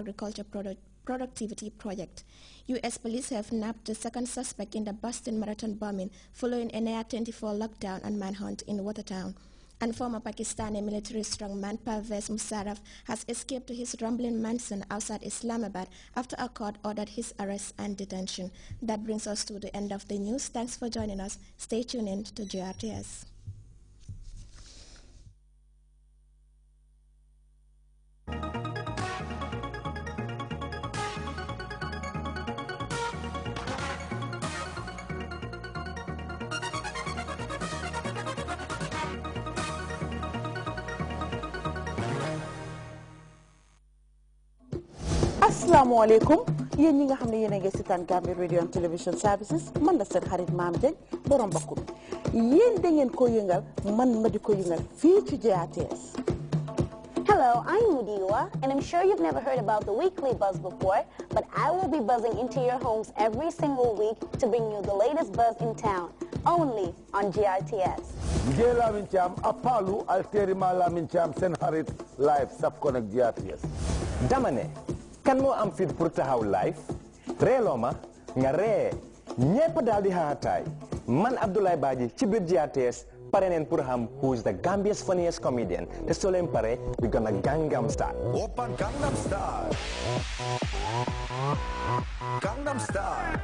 agriculture productivity project. U.S. police have nabbed the second suspect in the Boston Marathon bombing following an AR-24 lockdown and manhunt in Watertown. And former Pakistani military strongman Pervez Musharraf has escaped to his rambling mansion outside Islamabad after a court ordered his arrest and detention. That brings us to the end of the news. Thanks for joining us. Stay tuned in to GRTS. yéen ñi nga yéen Gambia radio and television services man la seen xarit Maam borom yéen ngeen ko yëngal man ma yëngal ci Hello, I'm Mudiwa, and I'm sure you've never heard about the weekly buzz before, but I will be buzzing into your homes every single week to bring you the latest buzz in town, only on GRTS. Jee Apalu, Alterima Lamin senharit Live, Subconnect GRTS. Damane, kan mo am fit pour taxaw live très loma nga ré ñepp dal di man Abdoulaye Badji ci bir jats parenen pour ham who is the Gambia's funniest comedian te soo we gonna Gangnam Star. Open Gangnam Star. Gangnam Star.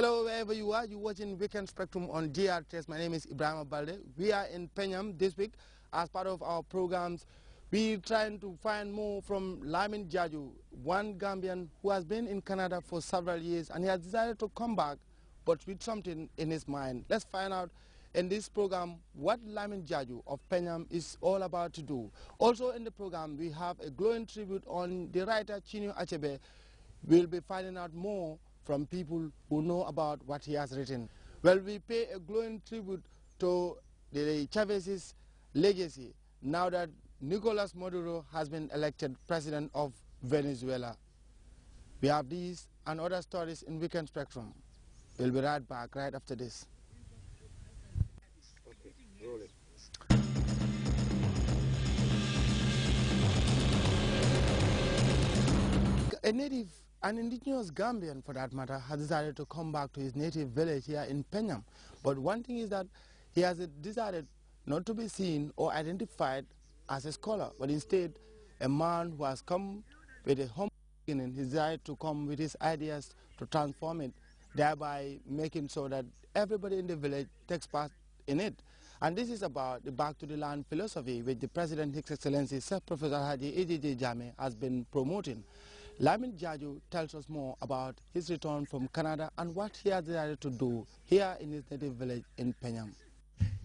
Hello, wherever you are, you're watching Weekend Spectrum on DRTS. My name is Ibrahim Abalde. We are in Penyam this week as part of our programs. We're trying to find more from Lamin Jaju, one Gambian who has been in Canada for several years and he has decided to come back, but with something in his mind. Let's find out in this program what Lamin Jaju of Penyam is all about to do. Also in the program, we have a glowing tribute on the writer Chinu Achebe. We'll be finding out more from people who know about what he has written. Well, we pay a glowing tribute to the Chavez's legacy now that Nicolas Maduro has been elected president of Venezuela. We have these and other stories in Weekend Spectrum. We'll be right back right after this. Okay, a native an indigenous Gambian, for that matter, has decided to come back to his native village here in Penyam. But one thing is that he has decided not to be seen or identified as a scholar, but instead a man who has come with a home beginning, his desire to come with his ideas to transform it, thereby making so that everybody in the village takes part in it. And this is about the Back to the Land philosophy, which the President, His Excellency Sir Professor Haji E.J.J. Jame has been promoting. Lamin Jaju tells us more about his return from Canada and what he has decided to do here in his native village in Penyam.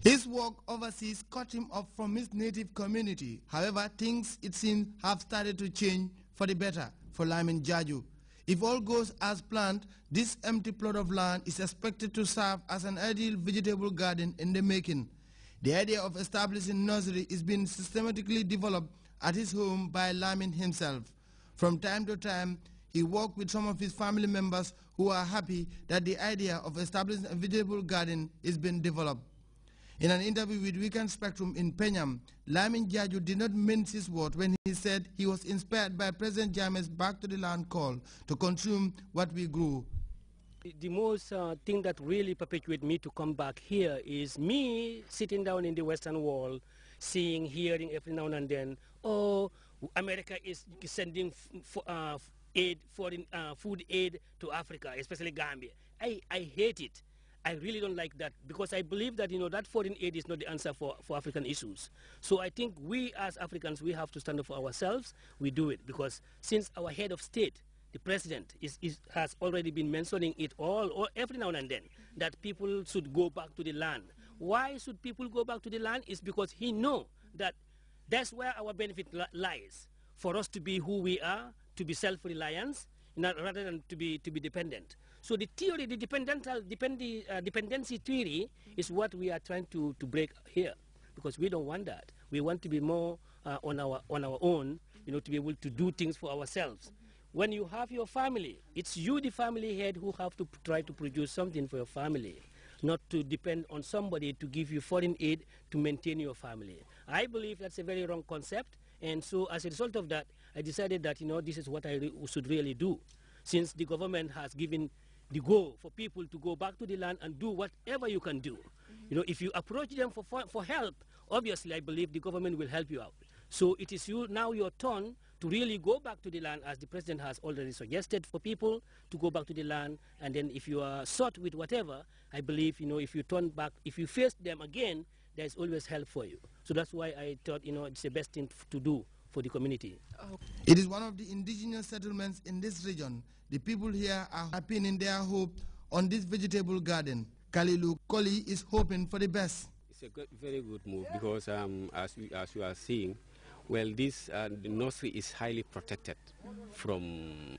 His work overseas cut him off from his native community. However, things, it seems, have started to change for the better for Lamin Jaju. If all goes as planned, this empty plot of land is expected to serve as an ideal vegetable garden in the making. The idea of establishing nursery is being systematically developed at his home by Lamin himself. From time to time, he worked with some of his family members who are happy that the idea of establishing a vegetable garden is being developed. In an interview with Weekend Spectrum in Penyam, Lamin Jaju did not mince his words when he said he was inspired by President Jame's Back to the Land call to consume what we grow. The most uh, thing that really perpetuated me to come back here is me sitting down in the Western Wall, seeing, hearing every now and then, oh, America is sending uh, aid, foreign uh, food aid to Africa, especially Gambia. I, I hate it. I really don't like that because I believe that you know that foreign aid is not the answer for, for African issues. So I think we as Africans we have to stand up for ourselves. We do it because since our head of state, the president, is, is has already been mentioning it all, or every now and then that people should go back to the land. Why should people go back to the land? Is because he know that that's where our benefit lies, for us to be who we are, to be self-reliant, rather than to be, to be dependent. So the theory, the dependental, uh, dependency theory is what we are trying to, to break here, because we don't want that. We want to be more uh, on, our, on our own, you know, to be able to do things for ourselves. When you have your family, it's you, the family head, who have to try to produce something for your family not to depend on somebody to give you foreign aid to maintain your family. I believe that's a very wrong concept. And so as a result of that, I decided that, you know, this is what I re should really do, since the government has given the go for people to go back to the land and do whatever you can do. Mm -hmm. You know, if you approach them for, for help, obviously I believe the government will help you out. So it is you, now your turn to really go back to the land, as the president has already suggested for people to go back to the land. And then if you are sought with whatever, I believe, you know, if you turn back, if you face them again, there's always help for you. So that's why I thought, you know, it's the best thing to do for the community. Okay. It is one of the indigenous settlements in this region. The people here are hoping in their hope on this vegetable garden. Kalilu Koli is hoping for the best. It's a good, very good move because um, as, we, as you are seeing, well, this uh, nursery is highly protected from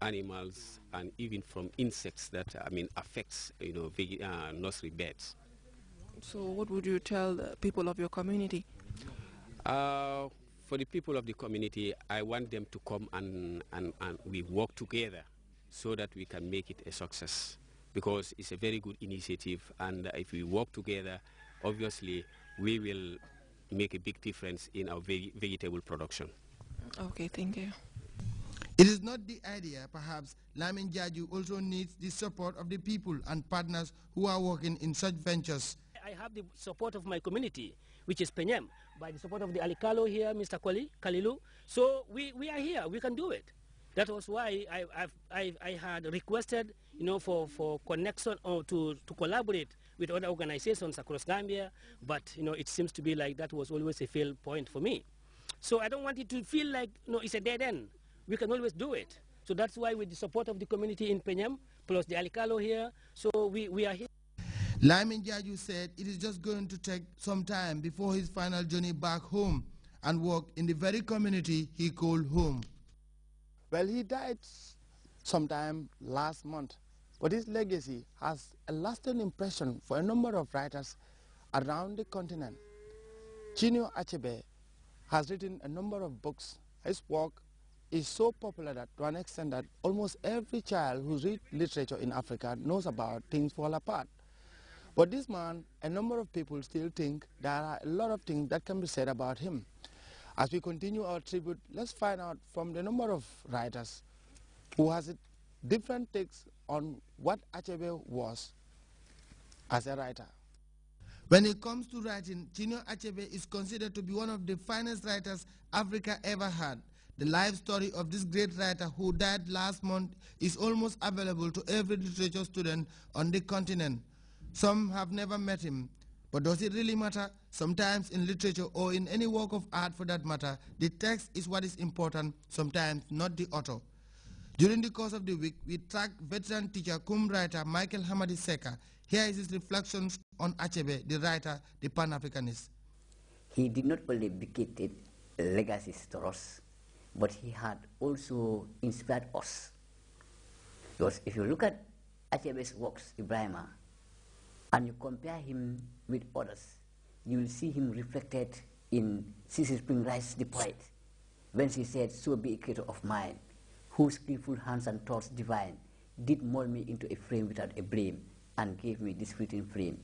animals and even from insects that I mean affects you know uh, nursery beds. So what would you tell the people of your community? Uh, for the people of the community, I want them to come and, and, and we work together so that we can make it a success because it's a very good initiative and if we work together, obviously we will make a big difference in our vegetable production. Okay, thank you. It is not the idea, perhaps, Lamin Jaju also needs the support of the people and partners who are working in such ventures I, have the support of my community, which is Penyem, by the support of the Alikalo here, Mr. Kwali, Kalilu. So we, we are here. We can do it. That was why I, I've, i I, had requested, you know, for, for connection or to, to collaborate with other organizations across Gambia, but, you know, it seems to be like that was always a fail point for me. So I don't want it to feel like, you know, it's a dead end. We can always do it. So that's why with the support of the community in Penyem plus the Alikalo here, so we, we are here. Lyman Jaju said it is just going to take some time before his final journey back home and work in the very community he called home. Well, he died sometime last month, but his legacy has a lasting impression for a number of writers around the continent. Chinua Achebe has written a number of books. His work is so popular that to an extent that almost every child who reads literature in Africa knows about Things Fall Apart. But this man, a number of people still think there are a lot of things that can be said about him. As we continue our tribute, let's find out from the number of writers who has different takes on what Achebe was as a writer. When it comes to writing, Chinua Achebe is considered to be one of the finest writers Africa ever had. The life story of this great writer who died last month is almost available to every literature student on the continent. Some have never met him. But does it really matter? Sometimes in literature or in any work of art for that matter, the text is what is important, sometimes not the author. During the course of the week, we tracked veteran teacher, cum writer Michael Hamadi Seka. Here is his reflections on Achebe, the writer, the Pan-Africanist. He did not only dictate legacy to us, but he had also inspired us. Because if you look at Achebe's works, Ibrahima, and you compare him with others, you will see him reflected in C.C. Spring Rice, the poet, when she said, So be a creator of mine, whose skillful hands and thoughts divine did mold me into a frame without a blame and gave me this fitting frame.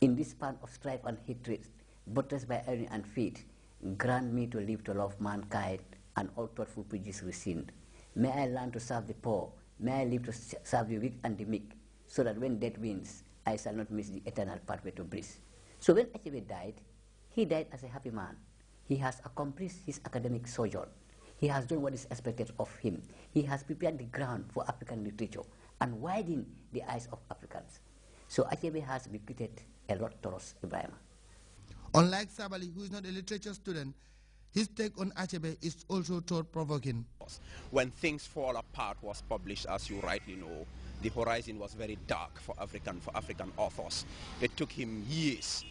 In this span of strife and hatred, buttressed by irony and fate, grant me to live to love mankind and all thoughtful prejudice rescind. May I learn to serve the poor, may I live to serve the weak and the meek, so that when death wins, I shall not miss the eternal pathway to bliss. So when Achebe died, he died as a happy man. He has accomplished his academic sojourn. He has done what is expected of him. He has prepared the ground for African literature and widened the eyes of Africans. So Achebe has bequeathed a lot to Ibrahim. Unlike Sabali, who is not a literature student, his take on Achebe is also thought-provoking. When Things Fall Apart was published, as you rightly know, the horizon was very dark for African, for African authors. It took him years